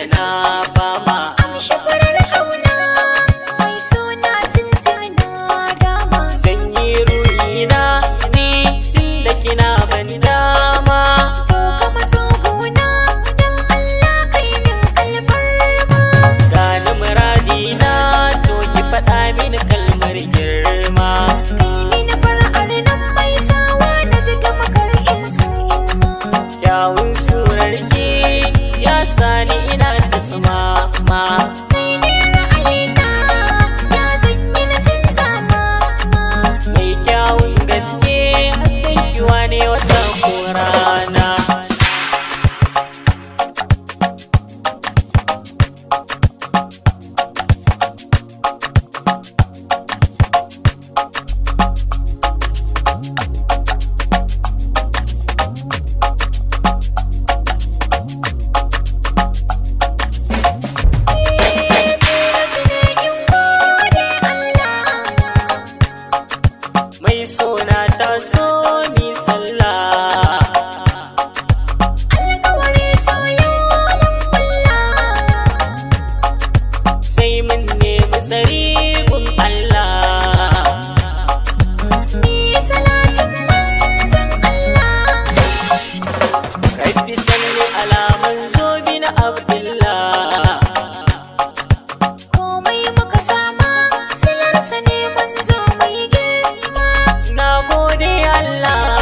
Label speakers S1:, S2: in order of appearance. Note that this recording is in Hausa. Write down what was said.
S1: enough. mai sona ta so ni sallah gode Allah